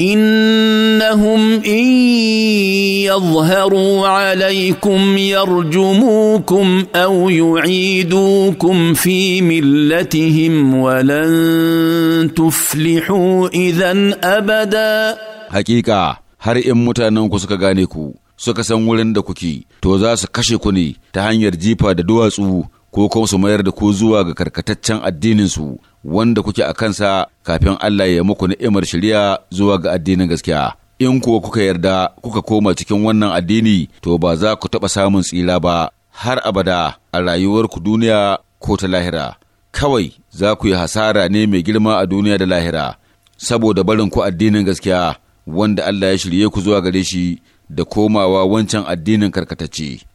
انهم ان يظهروا عليكم يرجموكم او يعيدوكم fi ملتهم walan tuflihu اذا abada. Haƙiƙa, har in mutanenku suka gane ku suka san wurin da kuke to za su kashe ku ne ta hanyar jifa da duwatsu ko kuma su mayar da ku zuwa ga karkataccen addininsu wanda kuke a kansa kafin Allah ya muku ni'imar shari'a zuwa ga addinin gaskiya. In kuwa kuka yarda kuka koma cikin wannan addini to ba za ku taɓa samun tsira ba har abada a rayuwarku duniya ko ta lahira. Kawai za ku yi hasara ne mai girma a duniya da lahira, saboda barin ku addinin gaskiya wanda Allah ya shirye ku zuwa gare shi da komawa wancan addinin karkatacce.